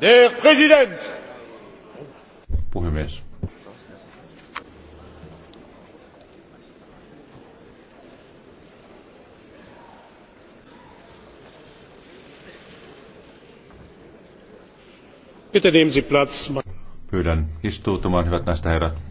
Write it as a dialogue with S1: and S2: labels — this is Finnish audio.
S1: Der Präsident!
S2: Puhemies.
S3: Bitte nehmen Sie Platz.
S4: Pyydän istuutumaan, hyvät naiset ja herrat.